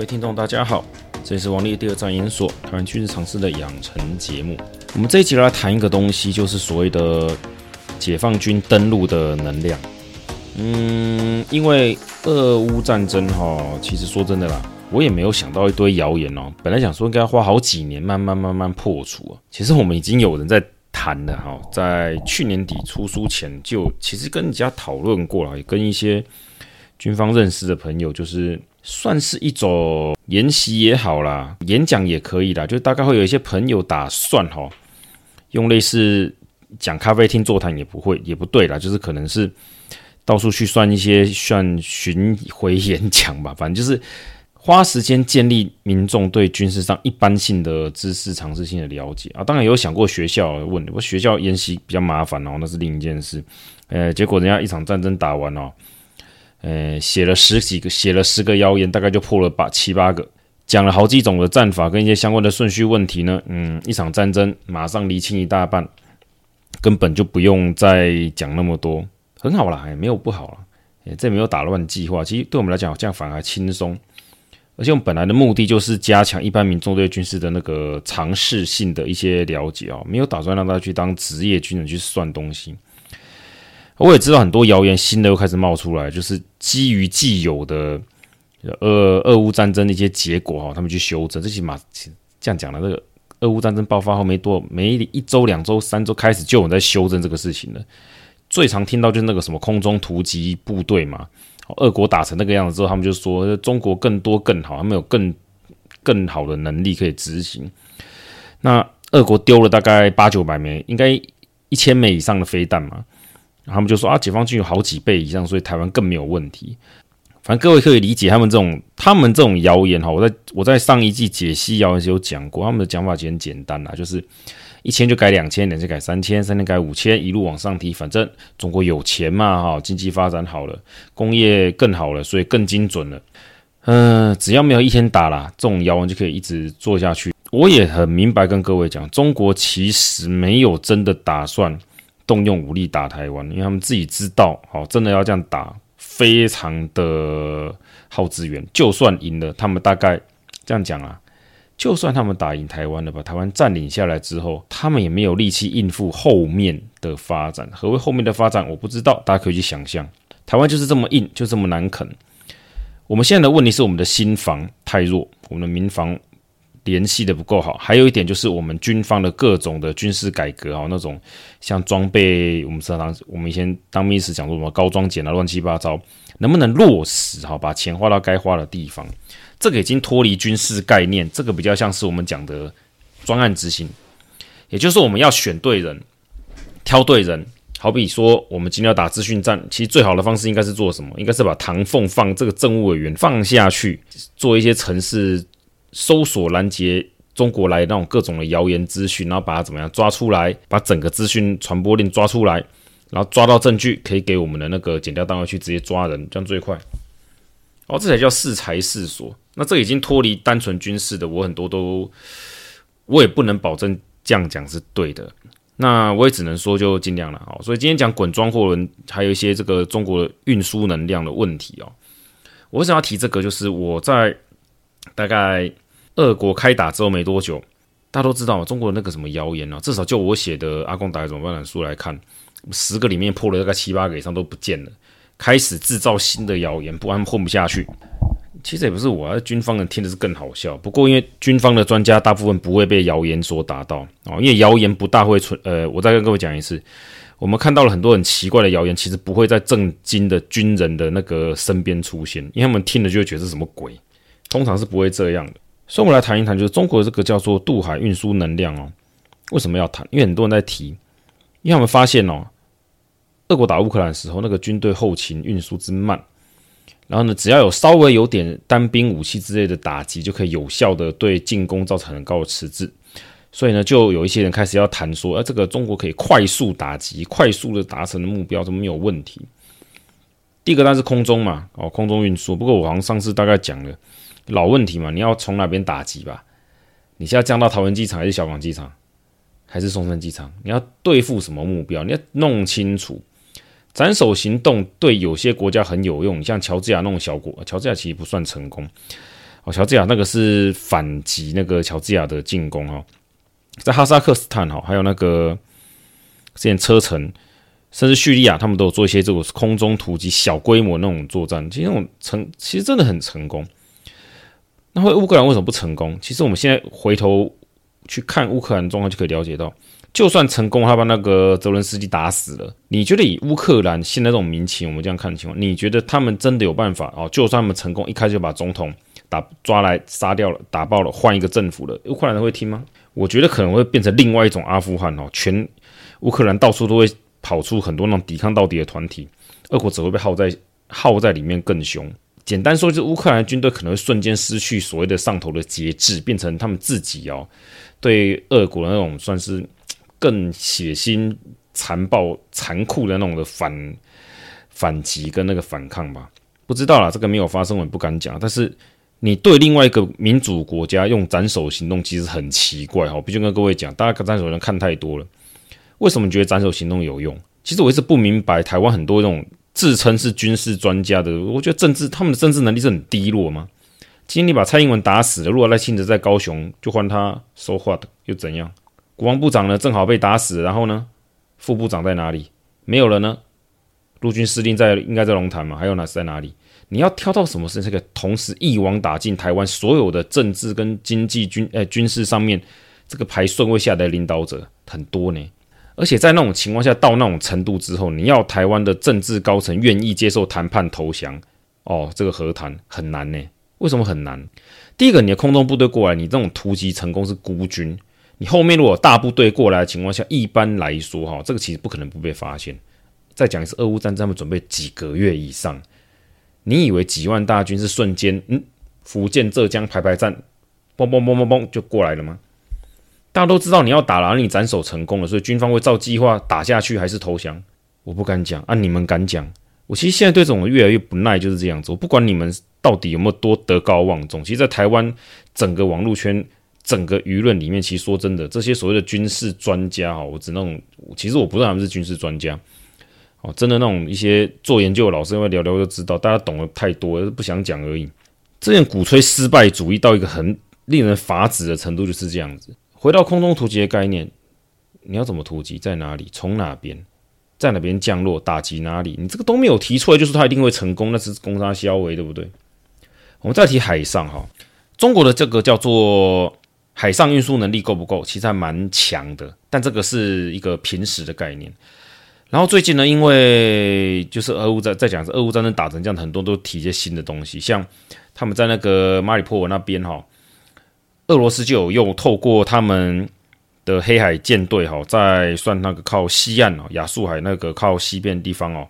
各位聽眾，大家好，這裡是王立第二戰研所，台灣軍事常識的養成節目。我們這一集來談一個東西，就是所謂的解放軍登陸的能量。嗯，因為俄烏戰爭哈，其實說真的啦，我也沒有想到一堆謠言哦。本來想說應該花好幾年，慢慢慢慢破除。其實我們已經有人在談了哈，在去年底出書前就其實跟人家討論過了，也跟一些軍方認識的朋友就是。算是一種演習也好啦，演講也可以啦。就大概會有一些朋友打算哦，用類似講咖啡廳座談也不會，也不對啦，就是可能是到處去算一些算巡回演講吧，反正就是花時間建立民眾對軍事上一般性的知識常識性的了解啊。當然有想過學校問我，不過學校演習比較麻煩哦、喔，那是另一件事。呃、欸，結果人家一場戰爭打完哦、喔。呃，寫了十幾個，寫了十個謠言，大概就破了八，七八個，講了好幾種的戰法跟一些相關的順序問題呢。嗯，一場戰爭馬上釐清一大半，根本就不用再講那麼多，很好啦，也沒有不好啦，誒，這沒有打亂計劃，其實對我們來講，這樣反而輕鬆。而且我們本來的目的就是加強一般民眾對軍事的那個常識性的一些了解哦，沒有打算讓他去當職業軍人去算東西。我也知道很多謠言，新的又開始冒出來，就是基於既有的呃俄、俄烏戰爭的一些結果哈，他們去修正。最起碼這樣講了，這個俄烏戰爭爆發後沒多沒一周、兩周、三周開始就有人在修正這個事情了。最常聽到就是那個什麼空中突擊部隊嘛，俄國打成那個樣子之後，他們就說中國更多更好，他們有更更好的能力可以執行。那俄國丟了大概八九百枚，應該一,一千枚以上的飛彈嘛。他們就說啊，解放軍有好幾倍以上，所以台灣更沒有問題。反正各位可以理解他們這種他們這種謠言哈。我在我在上一季解析謠言時有講過，他們的講法其實很簡單啦，就是一千就改兩千，兩千改三千，三千改五千，一路往上提。反正中國有錢嘛，哈，經濟發展好了，工業更好了，所以更精準了。嗯、呃，只要沒有一天打啦，這種謠言就可以一直做下去。我也很明白跟各位講，中國其實沒有真的打算，動用武力打台灣，因為他們自己知道，好，真的要這樣打，非常的耗資源。就算贏了，他們大概這樣講啊，就算他們打贏台灣了，把台灣佔領下來之後，他們也沒有力氣應付後面的發展。何為後面的發展？我不知道，大家可以去想象。台灣就是這麼硬，就這麼難啃。我們現在的問題是，我們的心防太弱，我們的民防。聯繫的不夠好，還有一點就是我們軍方的各種的軍事改革哈，那種像裝備，我們當時我們以前當秘書講說什麼高裝檢啊，亂七八糟，能不能落實？哈，把錢花到該花的地方，這個已經脫離軍事概念，這個比較像是我們講的專案執行，也就是我們要選對人，挑對人。好比說，我們今天要打資訊戰，其實最好的方式應該是做什麼？應該是把唐鳳放這個政務委員放下去，做一些程式。搜索攔截中國來那種各種的謠言資訊，然後把它怎麼樣抓出來，把整個資訊傳播鏈抓出來，然後抓到證據，可以給我們的那個檢調單位去直接抓人，這樣最快。哦，這才叫適才適所。那這已經脫離單純軍事的，我很多都，我也不能保證這樣講是對的。那我也只能說就盡量了哦。所以今天講滾裝貨輪，還有一些這個中國的運輸能量的問題哦。我為什麼要提這個？就是我在。大概俄國開打之後沒多久，大家都知道中國的那個什麼謠言啊，至少就我寫的《阿共打來怎麼辦》那本書來看，十個裡面破了大概七八個以上都不見了，開始制造新的謠言，不然混不下去。其實也不是我、啊，軍方人聽的是更好笑。不過因為軍方的專家大部分不會被謠言所打到啊、哦，因為謠言不大會出。呃，我再跟各位講一次，我們看到了很多很奇怪的謠言，其實不會在正經的軍人的那個身邊出現，因為他們聽了就會覺得是什麼鬼。通常是不會這樣的，所以我們來談一談，就是中國這個叫做渡海運輸能量哦，為什麼要談？因為很多人在提，因為我們發現哦，俄國打烏克蘭的時候，那個軍隊後勤運輸之慢，然後呢，只要有稍微有點單兵武器之類的打擊，就可以有效的對進攻造成很高的遲滯，所以呢，就有一些人開始要談說，誒，這個中國可以快速打擊，快速的達成的目標，這沒有問題。第一個當然是空中嘛，哦，空中運輸，不過我好像上次大概講了。老問題嘛，你要從哪邊打擊吧？你是要降到桃園機場，還是小港機場，還是松山機場？你要對付什麼目標？你要弄清楚。斬首行動對有些國家很有用，你像喬治亞那種小國，喬治亞其實不算成功。哦，喬治亞那個是反擊那個喬治亞的進攻哦，在哈薩克斯坦哦，還有那個，之前車臣，甚至敘利亞，他們都有做一些這種空中突擊、小規模那種作戰，其實那種成，其實真的很成功。那烏克蘭為什麼不成功？其實我們現在回頭去看烏克蘭狀況，就可以了解到，就算成功，他把那個澤倫斯基打死了，你覺得以烏克蘭現在這種民情，我們這樣看的情況，你覺得他們真的有辦法哦？就算他們成功，一開始就把總統打抓來殺掉了，打爆了，換一個政府了，烏克蘭人會聽嗎？我覺得可能會變成另外一種阿富汗哦，全烏克蘭到處都會跑出很多那種抵抗到底的團體，俄國只會被耗在耗在裡面更兇。簡單說，就是烏克蘭軍隊可能會瞬間失去所謂的上頭的節制，變成他們自己哦、喔，對俄國的那種算是更血腥、殘暴、殘酷的那種的反反擊跟那個反抗吧。不知道啦，這個沒有發生，我也不敢講。但是你對另外一個民主國家用斬首行動，其實很奇怪哈。我必須跟各位講，大家斬首行動看太多了，為什麼覺得斬首行動有用？其實我一直不明白，台灣很多這種。自稱是軍事專家的，我覺得政治他們的政治能力是很低落嗎？今天你把蔡英文打死了，如果賴清德在高雄就換他說話的又怎樣？國防部長呢，正好被打死，然後呢，副部長在哪裡？沒有了呢？陸軍司令在，應該在龍潭嘛？還有呢，在哪裡？你要挑到什麼事，這個同時一網打盡台灣所有的政治跟經濟軍、欸、軍事上面這個排順位下的領導者很多呢？而且在那種情況下，到那種程度之後，你要台灣的政治高層願意接受談判投降，哦，這個和談很難呢。為什麼很難？第一個，你的空中部隊過來，你這種突擊成功是孤軍，你後面如果大部隊過來的情況下，一般來說，哈、哦，這個其實不可能不被發現。再講一次，俄烏戰爭他們準備幾個月以上，你以為幾萬大軍是瞬間，嗯，福建浙江排排站，嘣嘣嘣嘣嘣就過來了嗎？大家都知道你要打哪裡，你斬首成功了，所以軍方會照計劃打下去還是投降？我不敢講，啊，你們敢講？我其實現在對這種越來越不耐，就是這樣子。我不管你們到底有沒有多德高望重，其實，在台灣整個網絡圈、整個輿論裡面，其實說真的，這些所謂的軍事專家哈，我只那種，其實我不知道他們是軍事專家。哦，真的那種一些做研究的老師，因為聊聊就知道，大家懂得太多，不想講而已。這樣鼓吹失敗主義到一個很令人髮指的程度，就是這樣子。回到空中突擊的概念，你要怎麼突擊，在哪裡，從哪邊，在哪邊降落，打擊哪裡？你這個都沒有提出來，就是他一定會成功，那是攻沙消圍，對不對？我們再提海上哈，中國的這個叫做海上運輸能力夠不夠？其實還蠻強的，但這個是一個平時的概念。然後最近呢，因為就是俄烏戰，再講，是俄烏戰爭打成這樣，很多都提一些新的東西，像他們在那個馬里波爾那邊哈。俄羅斯就有用透過他們的黑海艦隊，吼，在算那個靠西岸哦，亞速海那個靠西邊地方哦，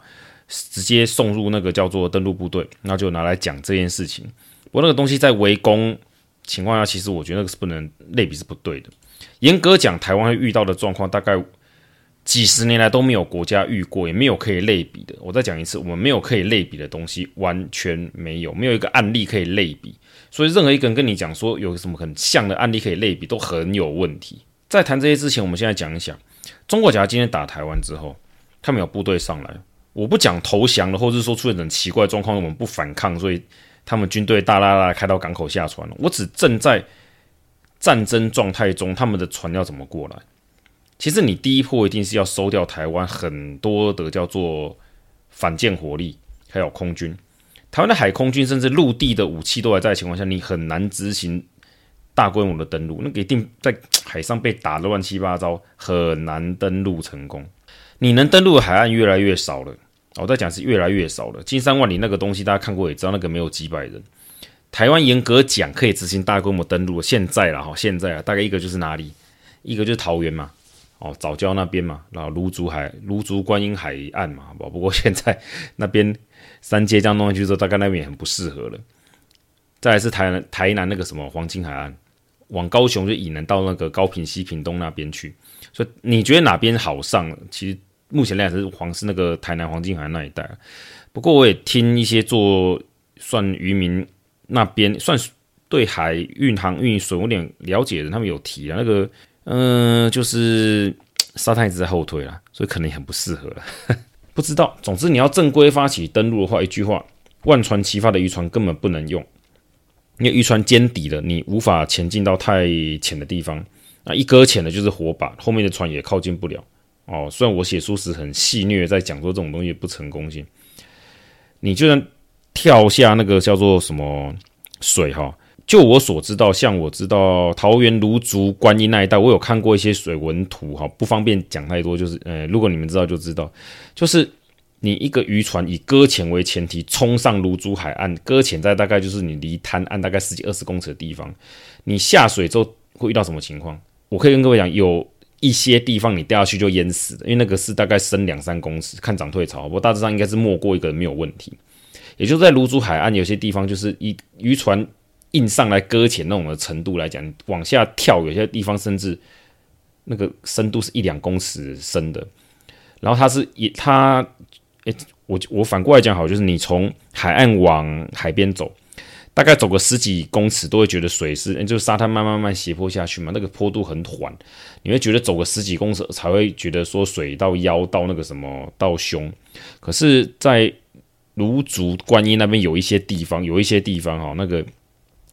直接送入那個叫做登陸部隊，那就拿來講這件事情。不過那個東西在圍攻情況下，其實我覺得那個是不能類比，是不對的。嚴格講，台灣遇到的狀況，大概幾十年來都沒有國家遇過，也沒有可以類比的。我再講一次，我們沒有可以類比的東西，完全沒有，沒有一個案例可以類比。所以任何一個人跟你講說有什麼很像的案例可以類比，都很有問題。在談這些之前，我們先來講一講，中國假如今天打台灣之後，他們有部隊上來，我不講投降了，或者是說出現很奇怪狀況，我們不反抗，所以他們軍隊大喇喇開到港口下船了。我只正在戰爭狀態中，他們的船要怎麼過來？其實你第一波一定是要收掉台灣很多的叫做反艦火力，還有空軍。台灣的海空軍甚至陸地的武器都還在的情況下，你很難執行大規模的登陸。那個一定在海上被打得亂七八糟，很難登陸成功。你能登陸的海岸越來越少了。我在講是越來越少了。金山萬里那個東西大家看過也知道，那個沒有幾百人。台灣嚴格講可以執行大規模登陸。現在了哈，現在啊，大概一個就是哪裡？一個就是桃園嘛，哦，藻礁那邊嘛，然後蘆竹海、蘆竹觀音海岸嘛好不好，不不過現在那邊。三階這樣弄下去之後，大概那邊也很不適合了。再來是台南，台南那個什麼黃金海岸，往高雄就以南到那個高屏溪、屏東那邊去。所以你覺得哪邊好上？其實目前來講是黃，是那個台南黃金海岸那一帶。不過我也聽一些做，算漁民那邊，算對海運航運損有點了解的，他們有提啊，那個嗯、呃，就是沙灘一直在後退啦，所以可能也很不適合了。呵呵不知道，總之你要正規發起登陸的話，一句話，萬船齊發的漁船根本不能用，因為漁船尖底的，你無法前進到太淺的地方，那一擱淺的就是火把，後面的船也靠近不了。哦，雖然我寫書時很戲謔，在講說這種東西不成功性，你就算跳下那個叫做什麼水哈。就我所知道，像我知道桃園、蘆竹觀音那一帶，我有看過一些水文圖，哈，不方便講太多。就是，呃，如果你們知道就知道，就是你一個漁船以擱淺為前提，衝上蘆竹海岸，擱淺在大概就是你離灘岸大概十幾二十公尺的地方，你下水之後會遇到什麼情況？我可以跟各位講，有一些地方你掉下去就淹死的，因為那個是大概深兩三公尺，看漲退潮，我大致上應該是沒過一個沒有問題。也就在蘆竹海岸有些地方，就是以漁船。硬上來擱淺那種的程度來講，往下跳，有些地方甚至那個深度是一兩公尺深的。然後它是以它，誒、欸，我我反過來講好，就是你從海岸往海邊走，大概走個十幾公尺，都會覺得水是，欸、就是沙灘慢慢慢斜坡下去嘛，那個坡度很緩，你會覺得走個十幾公尺才會覺得說水到腰到那個什麼到胸。可是，在蘆竹觀音那邊有一些地方，有一些地方哈，那個。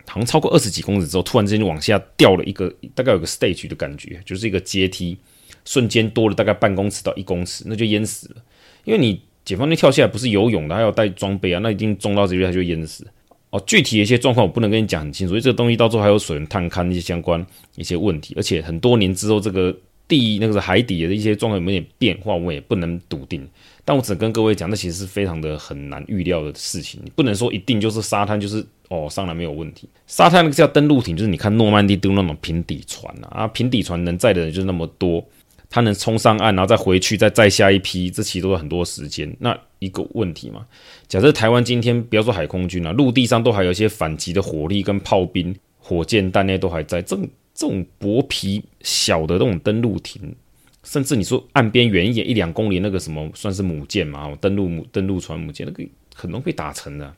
好像超過二十幾公尺之後，突然之間就往下掉了一個，大概有個 stage 的感覺，就是一個階梯，瞬間多了大概半公尺到一公尺，那就淹死了。因為你解放軍跳下來不是游泳的，還要帶裝備啊，那一定中到這邊他就淹死。哦，具體的一些狀況我不能跟你講很清楚，因為這個東西到時候還有水源探勘一些相關一些問題，而且很多年之後這個。地，那個是海底的一些狀況有沒有點變化，我們也不能篤定。但我只能跟各位講，那其實是非常的很難預料的事情。你不能說一定就是沙灘就是哦，上來沒有問題。沙灘那個叫登陸艇，就是你看諾曼底登陸那種平底船啊。啊平底船能載的人就那麼多，它能衝上岸，然後再回去，再載下一批，這其實都是很多時間。那一個問題嘛，假設台灣今天不要說海空軍了，啊，陸地上都還有一些反擊的火力跟炮兵、火箭彈呢，都還在正。這種薄皮小的這種登陸艇，甚至你說岸邊遠一點一兩公里那個什麼算是母艦嘛？哦，登陸母登陸船母艦，那個很容易被打沉的啊。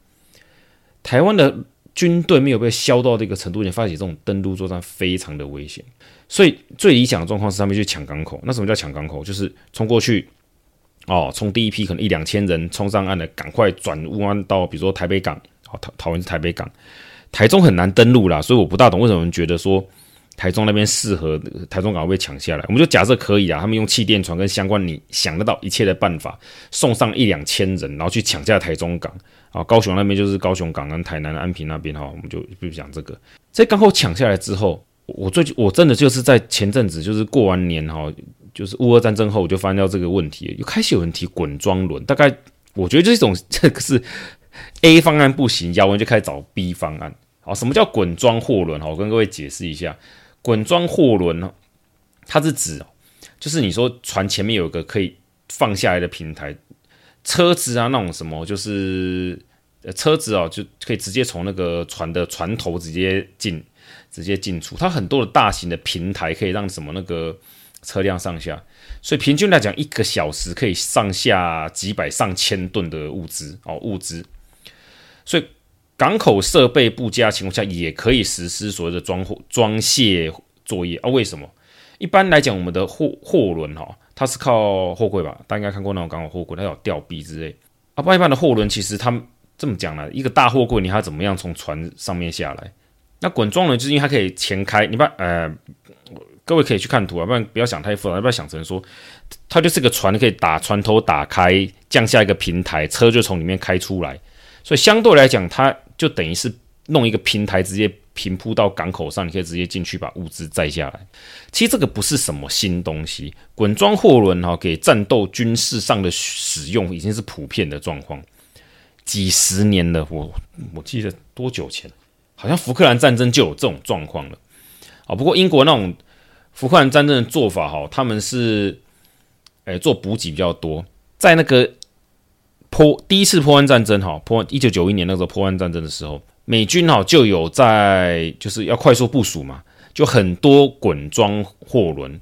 台灣的軍隊沒有被削到這個程度，你發起這種登陸作戰非常的危險。所以最理想的狀況是他們去搶港口。那什麼叫搶港口？就是衝過去哦，從第一批可能一兩千人衝上岸的，趕快轉烏安到比如說台北港哦，桃桃園是台北港，台中很難登陸啦。所以我不大懂為什麼人覺得說。台中那邊適合，台中港被搶下來，我們就假設可以啊，他們用氣墊船跟相關你想得到一切的辦法送上一兩千人，然後去搶下台中港啊。高雄那邊就是高雄港跟台南安平那邊哈，我們就不講這個。在剛好搶下來之後，我最我真的就是在前陣子，就是過完年哈，就是烏俄戰爭後，我就發現到這個問題，又開始有人提滾裝輪。大概我覺得這種這個是 A 方案不行，要我就開始找 B 方案。好，什麼叫滾裝貨輪哈？我跟各位解釋一下。滾裝貨輪呢，它是指，就是你說船前面有一個可以放下來的平台，車子啊那種什麼，就是呃車子啊就可以直接從那個船的船頭直接進，直接進出。它很多的大型的平台可以讓什麼那個車輛上下，所以平均來講，一個小時可以上下幾百上千噸的物資哦，物資，所以。港口設備不佳情況下，也可以實施所謂的裝貨裝卸作業啊。為什麼？一般來講，我們的貨貨輪哈、哦，它是靠貨櫃吧？大家應該看過那種港口貨櫃，它有吊臂之類啊。不然一般的貨輪其實，他們這麼講呢、啊，一個大貨櫃，你要怎麼樣從船上面下來？那滾裝輪就是因為它可以前開，你把呃，各位可以去看圖啊，不然不要想太複雜，要不要想成說它就是個船，可以打船頭打開，降下一個平台，車就從裡面開出來。所以相對來講，它。就等於是弄一個平台，直接平鋪到港口上，你可以直接進去把物資載下來。其實這個不是什麼新東西，滾裝貨輪哈，給戰鬥軍事上的使用已經是普遍的狀況，幾十年了。我我記得多久前，好像福克蘭戰爭就有這種狀況了。啊，不過英國那種福克蘭戰爭的做法哈，他們是呃做補給比較多，在那個。波，第一次波灣戰爭哈，波灣，一九九一年那時候波灣戰爭的時候，美軍哈就有在就是要快速部署嘛，就很多滾裝貨輪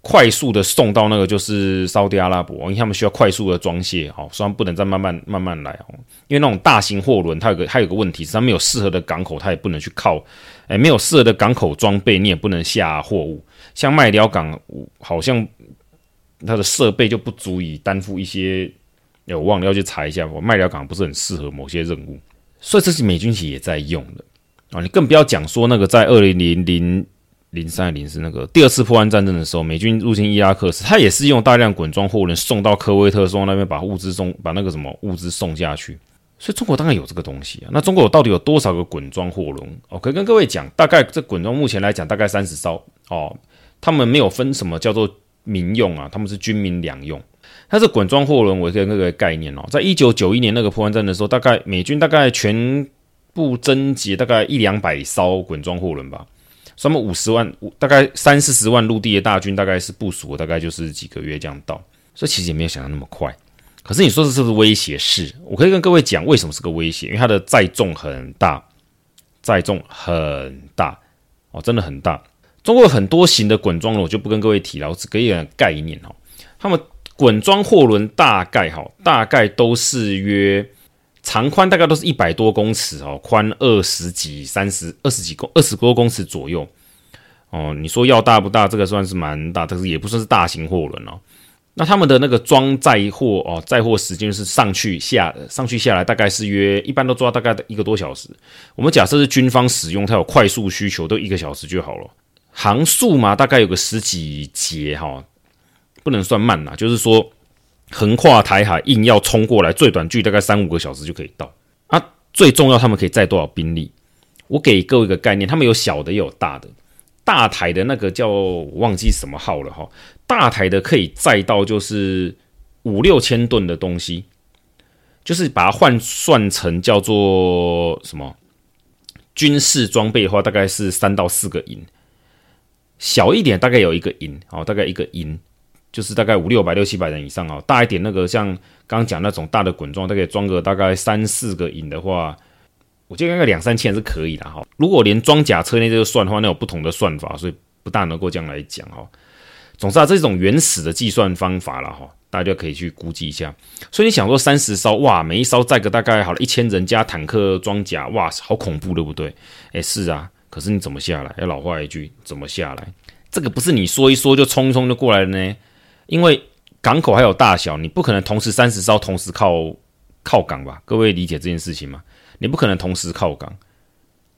快速的送到那個就是沙烏地阿拉伯，因為他們需要快速的裝卸哈，所以不能再慢慢慢慢來哦，因為那種大型貨輪它有個它有個問題，是它沒有適合的港口，它也不能去靠，誒、欸，沒有適合的港口裝備，你也不能下貨物，像麥寮港，好像它的設備就不足以擔負一些。哎、欸，我忘了要去查一下，我麥寮港不是很適合某些任務，所以這是美軍其實也在用的啊、哦。你更不要講說那個在二零零零零三零四那個第二次波灣戰爭的時候，美軍入侵伊拉克時，他也是用大量滾裝貨輪送到科威特，送那邊把物資送，把那個什麼物資送下去。所以中國大概有這個東西啊。那中國到底有多少個滾裝貨輪？哦，可以跟各位講，大概這滾裝目前來講大概三十艘哦。他們沒有分什麼叫做民用啊，他們是軍民兩用。它是滾裝貨輪，我跟各位概念，哦。在一九九一年那個波灣戰的時候，大概美軍大概全部徵集大概一兩百艘滾裝貨輪吧，他們五十萬五大概三四十萬陸地的大軍，大概是部署的，大概就是幾個月這樣到，所以其實也沒有想到那麼快。可是你說這是不是威脅？是，我可以跟各位講為什麼是個威脅，因為它的載重很大，載重很大哦，真的很大。中國有很多型的滾裝輪我就不跟各位提了，我只給一個概念哦，他們。滾裝貨輪大概好，大概都是約長寬大概都是一百多公尺哦，寬二十幾、三十二十幾公二十多公尺左右哦。你說要大不大？這個算是蠻大的，但是也不算是大型貨輪哦。那他們的那個裝載貨哦，載貨時間是上去下上去下來，大概是約一般都抓大概一個多小時。我們假設是軍方使用，它有快速需求，都一個小時就好了。航速嘛，大概有個十幾節哈、哦。不能算慢啦、啊，就是說橫跨台海硬要衝過來，最短距大概三五個小時就可以到啊。最重要，他們可以載多少兵力？我給各位一個概念，他們有小的，也有大的。大台的那個叫我忘記什麼號了哈、哦，大台的可以載到就是五六千噸的東西，就是把它換算成叫做什麼軍事裝備的話，大概是三到四個營，小一點大概有一個營哦，大概一個營。就是大概五六百六七百人以上哦，大一點那個像剛剛講那種大的滾裝，大概裝個大概三四個營的話，我覺得應該兩三千是可以的哈、哦。如果連裝甲車那個算的話，那有不同的算法，所以不大能夠這樣來講哈、哦。總之啊，這種原始的計算方法了哈、哦，大家就可以去估計一下。所以你想說三十艘哇，每一艘載個大概好了，一千人加坦克裝甲哇，好恐怖對不對？哎、欸、是啊，可是你怎麼下來？要老話一句，怎麼下來？這個不是你說一說就衝衝就過來的呢？因為港口還有大小，你不可能同時三十艘同時靠靠港吧？各位理解這件事情嗎？你不可能同時靠港，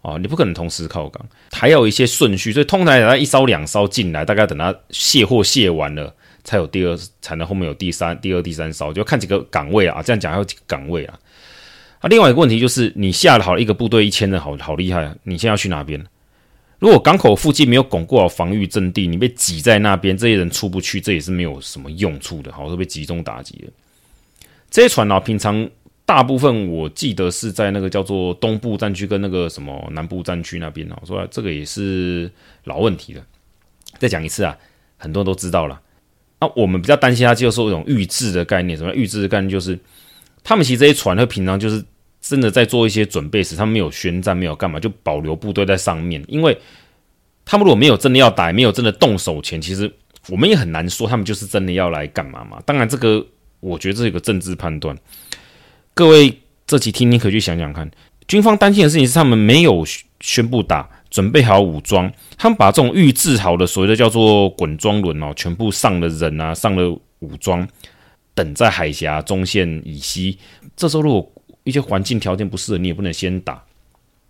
哦，你不可能同時靠港，還有一些順序，所以通常要一艘兩艘進來，大概等它卸貨卸完了，才有第二，才能後面有第三、第二、第三艘。就看幾個港位啊，啊這樣講還有幾個港位啊。啊，另外一個問題就是，你下了好一個部隊一千人，好好厲害啊，你現在要去哪邊？如果港口附近沒有鞏固好防禦陣地，你被擠在那邊，這些人出不去，這也是沒有什麼用處的。好，都被集中打擊了。這些船呢、啊，平常大部分我記得是在那個叫做東部戰區跟那個什麼南部戰區那邊啊。我說這個也是老問題了。再講一次啊，很多人都知道了。那我們比較擔心它就是一種預製的概念，什麼預製的概念就是他們其實這些船呢平常就是。真的在做一些準備時，他們沒有宣戰，沒有幹嘛，就保留部隊在上面。因為他們如果沒有真的要打，沒有真的動手前，其實我們也很難說他們就是真的要來幹嘛嘛。當然，這個我覺得這有個政治判斷。各位這期聽聽可以去想想看，軍方擔心的事情是他們沒有宣布打，準備好武裝，他們把這種預制好的所謂的叫做滾裝輪哦，全部上了人啊，上了武裝，等在海峽中線以西。這時候如果一些環境條件不適合，你也不能先打，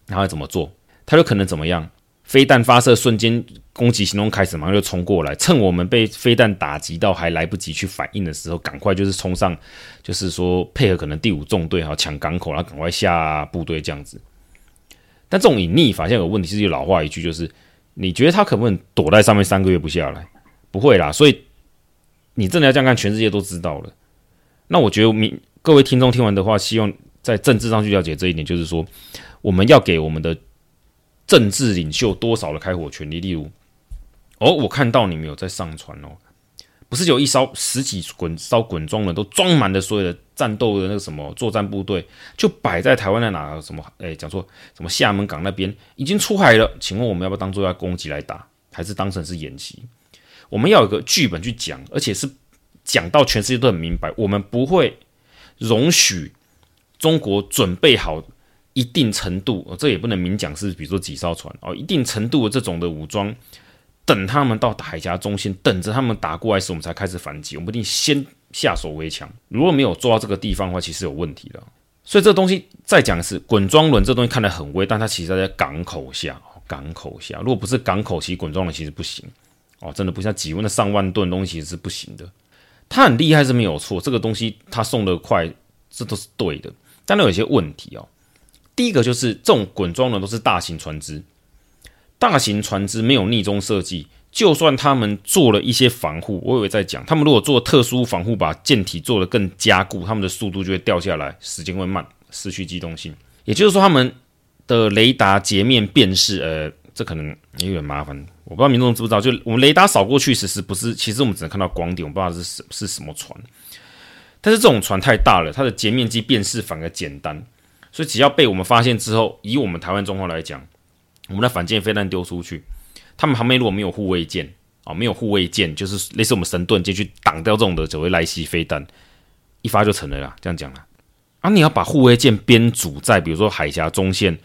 然後怎麼做？他就可能怎麼樣？飛彈發射瞬間，攻擊行動開始，馬上就衝過來，趁我們被飛彈打擊到還來不及去反應的時候，趕快就是衝上，就是說配合可能第五縱隊哈搶港口，然後趕快下部隊這樣子。但這種隱匿法現在有問題，其實老話一句就是，你覺得他可不可能躲在上面三個月不下來？不會啦，所以你真的要這樣看，全世界都知道了。那我覺得明各位聽眾聽完的話，希望。在政治上去了解這一點，就是說，我們要給我們的政治領袖多少的開火權利？例如，哦，我看到你沒有在上傳哦，不是有一艘十幾滾、燒滾裝的都裝滿的所有的戰鬥的那個什麼作戰部隊，就擺在台灣的哪什麼？哎，講說什麼廈門港那邊已經出海了？請問我們要不要當作要攻擊來打，還是當成是演習？我們要有個劇本去講，而且是講到全世界都很明白，我們不會容許。中國準備好一定程度，哦、這也不能明講是，比如說幾艘船哦，一定程度的這種的武裝，等他們到海峽中心，等着他們打過來時，我們才開始反擊。我們一定先下手為強。如果沒有做到這個地方的話，其實有問題的。所以這東西再講是滾裝輪，這東西看來很危，但它其實在港口下，港口下。如果不是港口，其實滾裝輪其實不行哦，真的不像幾萬的上萬噸東西是不行的。他很厲害是沒有錯，這個東西他送的快，這都是對的。當然有一些問題哦。第一個就是這種滾裝的都是大型船隻，大型船隻沒有逆中設計，就算他們做了一些防護，我以為在講他們如果做特殊防護，把艦體做得更加固，他們的速度就會掉下來，時間會慢，失去機動性。也就是說，他們的雷達截面辨識，呃，這可能也有點麻煩。我不知道民眾知不知道，就我們雷達掃過去，其實不是，其實我們只能看到光點，我不知道是什是什麼船。但是這種船太大了，它的截面積辨識反而簡單，所以只要被我們發現之後，以我們台灣狀況來講，我們的反艦飛彈丟出去，他們旁邊如果沒有護衛艦啊，沒有護衛艦，就是類似我們神盾艦去擋掉這種的所謂來襲飛彈，一發就成了啦。這樣講啦，啊，你要把護衛艦編組在，比如說海峽中線，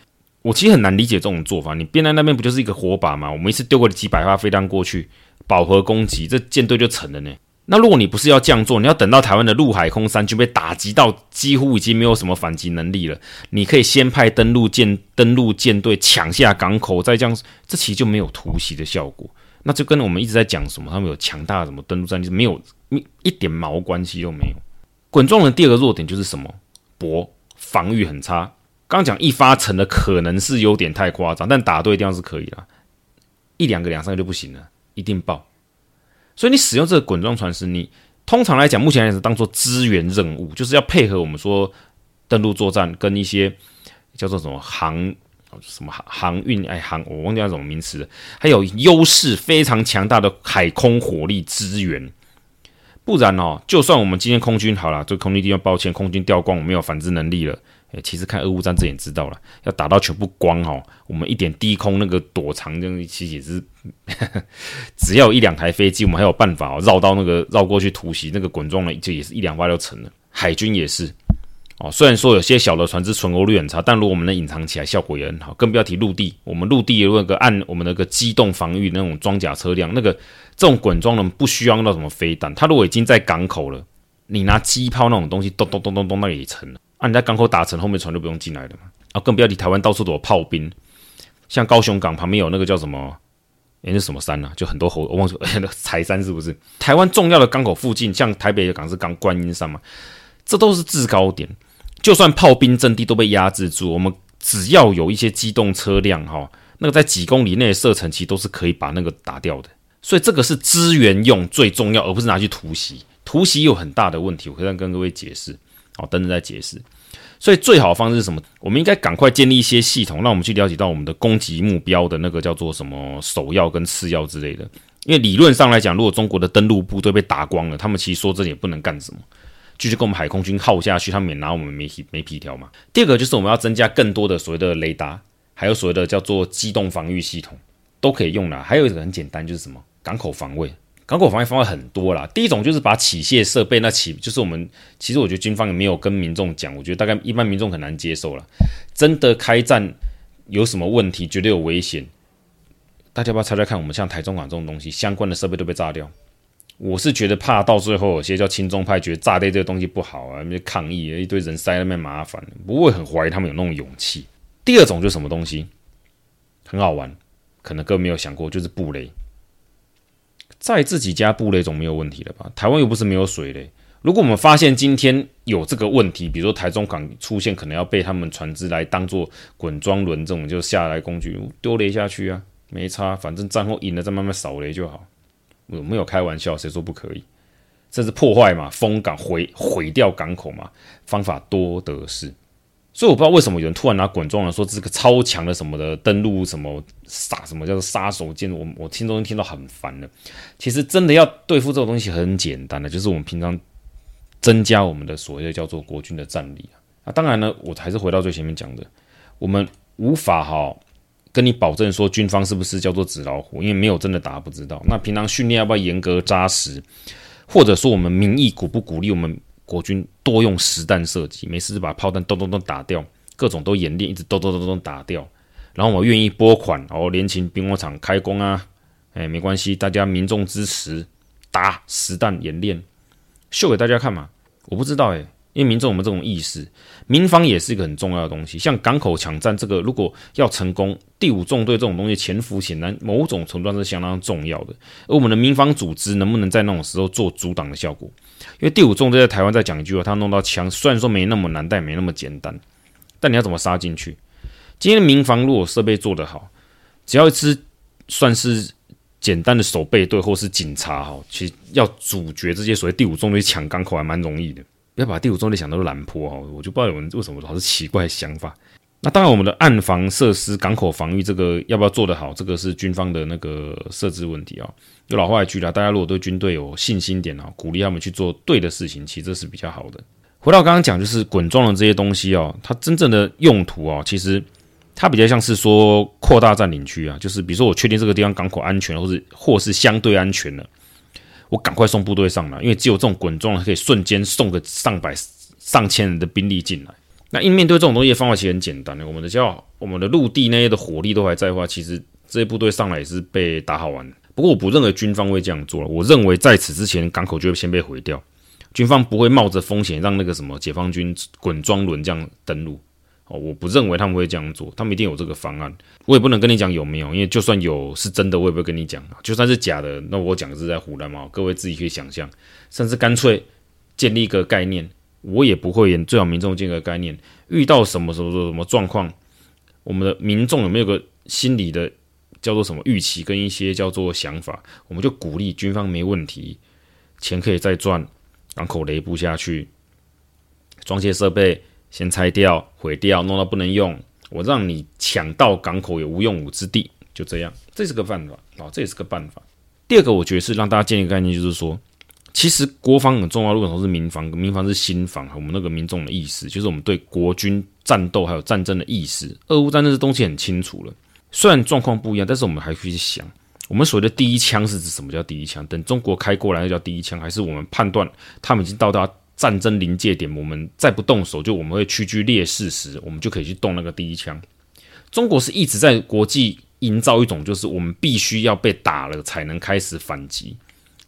我其實很難理解這種做法。你編在那邊不就是一個火把嗎？我們一次丟過幾百發飛彈過去，飽和攻擊，這艦隊就成了呢。那如果你不是要這樣做，你要等到台灣的陸海空三軍，就被打擊到幾乎已經沒有什麼反擊能力了，你可以先派登陸艦、登陸艦隊搶下港口，再這樣，這其實就沒有突襲的效果。那就跟我們一直在講什麼，他們有強大的什麼登陸戰力，是沒有一一點毛關係都沒有。滾裝的第二個弱點就是什麼？薄，防禦很差。剛講一發沉的可能是有點太誇張，但打對地方是可以了，一兩個、兩三個就不行了，一定爆。所以你使用這個滾裝船時，你，你通常來講，目前來講是當做支援任務，就是要配合我們說登陸作戰跟一些叫做什麼航什麼航航運哎航，我忘記叫什麼名詞了，還有優勢非常強大的海空火力支援。不然哦，就算我們今天空軍好了，這空軍地方抱歉，空軍掉光，我沒有反制能力了。其實看俄烏戰爭也知道了，要打到全部光哦，我們一點低空那個躲藏，這樣其實也是，呵呵只要有一兩台飛機，我們還有辦法、哦、繞到那個繞過去突襲，那個滾裝呢，就也是一兩发就成了。海軍也是，哦，雖然說有些小的船只存活率很差，但如果我們能隱藏起來，效果也很好。更不要提陸地，我們陸地如果個按我們的個機動防御那種裝甲車輛，那個這種滾裝呢，不需要用到什麼飛彈，它如果已經在港口了，你拿機炮那種東西咚咚咚咚咚，那裡也成了。啊，你在港口打沉，後面船就不用進來了嘛。啊，更不要提台灣到處都有炮兵，像高雄港旁邊有那個叫什麼？哎、欸，那是什麼山呢、啊？就很多猴，我忘記。欸、那柴山是不是？台灣重要的港口附近，像台北的港是港觀音山嘛，這都是制高點。就算炮兵陣地都被壓制住，我們只要有一些機動車輛，哈，那個在幾公里內的射程，其實都是可以把那個打掉的。所以這個是資源用最重要，而不是拿去突襲。突襲有很大的問題，我可以這樣跟各位解釋。好、哦，等着在解釋。所以最好的方式是什麼？我們應該趕快建立一些系統，讓我們去了解到我們的攻擊目標的那個叫做什麼首要跟次要之類的。因為理論上來講，如果中國的登陸部隊被打光了，他們其實說這裡也不能幹什麼，繼續跟我們海空軍耗下去，他們也拿我們沒皮沒皮條嘛。第二個就是我們要增加更多的所謂的雷達，還有所謂的叫做機動防禦系統都可以用了、啊。還有一個很簡單，就是什麼？港口防衛。港口防衛方法很多啦，第一種就是把起卸設備那起，就是我們其實我覺得軍方也沒有跟民眾講，我覺得大概一般民眾很難接受了。真的開戰有什麼問題？絕對有危險。大家要不要猜猜看，我們像台中港這種東西，相關的設備都被炸掉。我是覺得怕到最後，有些叫親中派覺得炸掉這個東西不好啊，那些抗議一堆人塞那邊麻煩，不會很懷疑他們有那種勇氣。第二種就是什麼東西很好玩，可能各位沒有想過，就是布雷。在自己家布雷總沒有問題了吧？台灣又不是沒有水雷。如果我們發現今天有這個問題，比如說台中港出現，可能要被他們船隻來當做滾裝輪這種，就下來工具丟雷下去啊，沒差，反正戰後贏了再慢慢掃雷就好。我沒有開玩笑，誰說不可以？甚至破壞嘛，封港毀毀掉港口嘛，方法多得是。所以我不知道為什麼有人突然拿滾狀了，說這個超強的什麼的登陸什麼殺什麼叫做殺手鐧，我我聽中間聽到很煩的。其實真的要對付這種東西很簡單的，就是我們平常增加我們的所謂的叫做國軍的戰力那、啊啊、當然呢，我還是回到最前面講的，我們無法哈、哦、跟你保證說軍方是不是叫做紙老虎，因為沒有真的打不知道。那平常訓練要不要嚴格紮實，或者說我們民意鼓不鼓勵我們？國軍多用實彈射擊，每次把炮彈咚咚咚打掉，各種都演練，一直咚咚咚咚咚打掉。然後我願意撥款，然、哦、後聯勤兵工廠開工啊，誒、哎，沒關係，大家民眾支持，打實彈演練，秀給大家看嘛。我不知道哎、欸。因為民眾我們這種意識，民防也是一個很重要的東西。像港口搶佔這個，如果要成功，第五縱隊這種東西潛伏顯然某種程度上是相當重要的。而我們的民防組織能不能在那種時候做阻擋的效果？因為第五縱隊在台灣再講一句話，他弄到槍，雖然說沒那麼難，但也沒那麼簡單。但你要怎麼殺進去？今天的民防如果設備做得好，只要一支算是簡單的守備隊或是警察哈，其實要阻絕這些所謂第五縱隊搶港口還蠻容易的。要把第五縱隊想到是懶坡哦，我就不知道有人為什麼老是奇怪的想法。那當然，我們的岸防設施、港口防禦這個要不要做得好，這個是軍方的那個設置問題啊。有老話一句了，大家如果對軍隊有信心點啊，鼓勵他們去做對的事情，其實這是比較好的。回到剛剛講，就是滾裝的這些東西啊，它真正的用途啊，其實它比較像是說擴大佔領區啊，就是比如說我確定這個地方港口安全，或是或是相對安全的。我趕快送部隊上來，因為只有這種滾裝可以瞬間送個上百、上千人的兵力進來。那硬面對這種東西的方法其實很簡單，我們的叫我們的陸地那些的火力都還在的話，其實這些部隊上來也是被打好完的。不過我不認為軍方會這樣做，我認為在此之前港口就會先被毀掉，軍方不會冒着風險讓那個什麼解放軍滾裝輪這樣登陸。哦，我不認為他們會這樣做，他們一定有這個方案。我也不能跟你講有沒有，因為就算有是真的，我也不會跟你講；就算是假的，那我講的是在胡來嘛。各位自己去想象，甚至乾脆建立一個概念，我也不會演。最好民眾建一個概念，遇到什麼什麼什麼狀況，我們的民眾有沒有個心理的叫做什麼預期，跟一些叫做想法，我們就鼓勵軍方沒問題，錢可以再賺，港口雷布下去，裝卸設備。先拆掉、毀掉、弄到不能用，我讓你搶到港口也無用武之地，就這樣，這是個辦法啊、哦，這也是個辦法。第二個，我覺得是讓大家建立一個概念，就是說，其實國防很重要。如果說是民防，民防是心防我們那個民眾的意識，就是我們對國軍戰鬥還有戰爭的意識。俄烏戰爭這東西很清楚了，雖然狀況不一樣，但是我們還可以去想，我們所謂的第一槍是指什麼叫第一槍？等中國開過來那叫第一槍，還是我們判斷他們已經到達？戰爭臨界點，我們再不動手，就我們會屈居劣勢時，我們就可以去動那個第一槍。中國是一直在國際營造一種，就是我們必須要被打了才能開始反擊，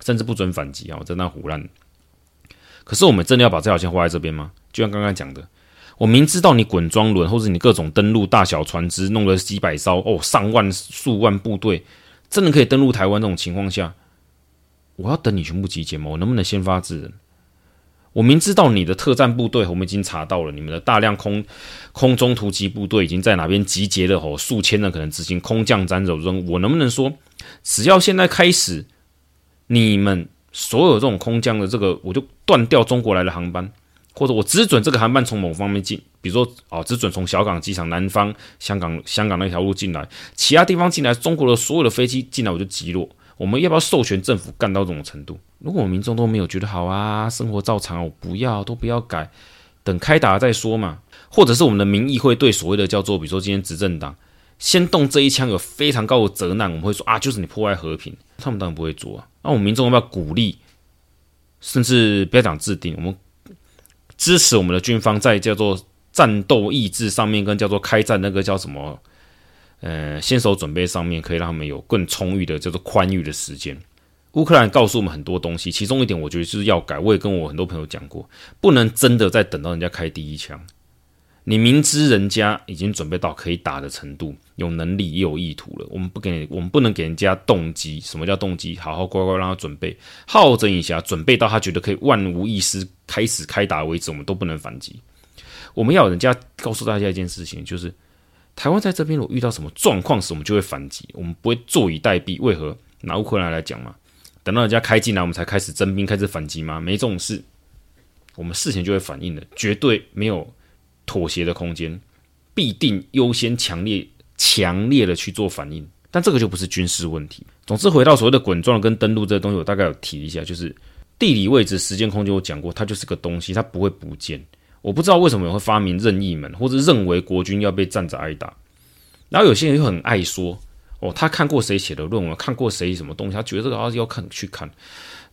甚至不准反擊啊！我在那唬爛。可是我們真的要把這條線畫在這邊嗎？就像剛剛講的，我明知道你滾裝輪，或者你各種登陸大小船隻，弄了幾百艘哦，oh，上萬、數萬部隊，真的可以登陸台灣這種情況下，我要等你全部集結嗎？我能不能先發制人？我明知道你的特戰部隊，我們已經查到了，你們的大量空空中突擊部隊已經在哪邊集結了吼，數千人可能執行空降戰鬥任務。我能不能說，只要現在開始，你們所有這種空降的這個，我就斷掉中國來的航班，或者我只准這個航班從某方面進，比如說啊、哦，只准從小港機場南方香港、香港那條路進來，其他地方進來中國的所有的飛機進來我就擊落。我們要不要授權政府幹到這種程度？如果我們民眾都沒有覺得好啊，生活照常，我不要，都不要改，等開打了再說嘛。或者是我們的民意會對所謂的叫做，比如說今天執政黨先動這一槍，有非常高的責難，我們會說啊，就是你破壞和平，他們當然不會做啊、啊。那我們民眾要不要鼓勵，甚至不要講制定，我們支持我們的軍方在叫做戰鬥意志上面跟叫做開戰那個叫什麼？呃，先手準備上面可以讓他們有更充裕的叫做寬裕的時間。烏克蘭告訴我們很多東西，其中一點我覺得就是要改。我也跟我很多朋友講過，不能真的再等到人家開第一槍。你明知人家已經準備到可以打的程度，有能力也有意圖了，我們不給你，我們不能給人家動機，什麼叫動機？好好乖乖讓他準備，好整以暇，準備到他覺得可以萬無一失開始開打為止，我們都不能反擊。我們要人家告訴大家一件事情，就是。台灣在這邊，我遇到什麼狀況時，我們就會反擊，我們不會坐以待斃。為何拿烏克蘭來講嘛？等到人家開進來，我們才開始徵兵，開始反擊嗎？沒這種事，我們事前就會反應的，絕對沒有妥協的空間，必定優先、強烈、強烈的去做反應。但這個就不是軍事問題。總之，回到所謂的滾裝跟登陸這些東西，我大概有提一下，就是地理位置、時間、空間，我講過，它就是個東西，它不會不見。我不知道為什麼會發明任意門，或者認為國軍要被站着挨打。然後有些人又很愛說哦，他看過誰寫的論文，看過誰什麼東西，他覺得這個啊要看去看。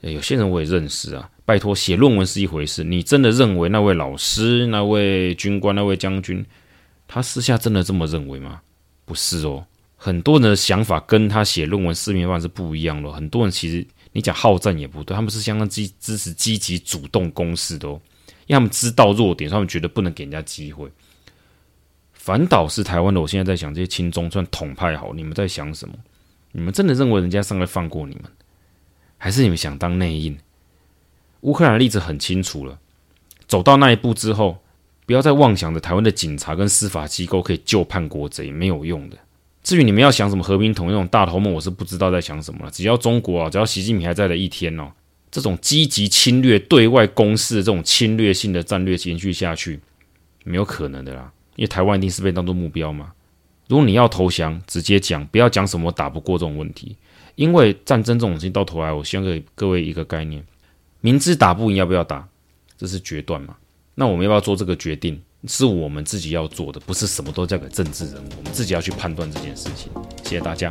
誒，有些人我也認識啊，拜託寫論文是一回事，你真的認為那位老師、那位軍官、那位將軍，他私下真的這麼認為嗎？不是哦，很多人的想法跟他寫論文四面八方是不一樣的哦。很多人其實你講好戰也不對，他們是相當積支持積極主動攻勢的哦。讓他們知道弱點，所以他們覺得不能給人家機會。反倒是台灣的，我現在在想這些親中、算統派好，你們在想什麼？你們真的認為人家上來放過你們，還是你們想當內應？烏克蘭的例子很清楚了，走到那一步之後，不要再妄想着台灣的警察跟司法機構可以救叛國賊，沒有用的。至於你們要想什麼和平統一，大頭們，我是不知道在想什麼了。只要中國啊，只要習近平還在的一天哦，這種積極侵略，對外攻勢，這種侵略性的戰略延續下去，沒有可能的啦。因為台灣一定是被當作目標嘛。如果你要投降，直接講，不要講什麼打不過這種問題。因為戰爭這種事情到頭來，我先給各位一個概念：明知打不贏，要不要打？這是決斷嘛。那我們要不要做這個決定，是我們自己要做的，不是什麼都交給政治人物。我們自己要去判斷這件事情。謝謝大家。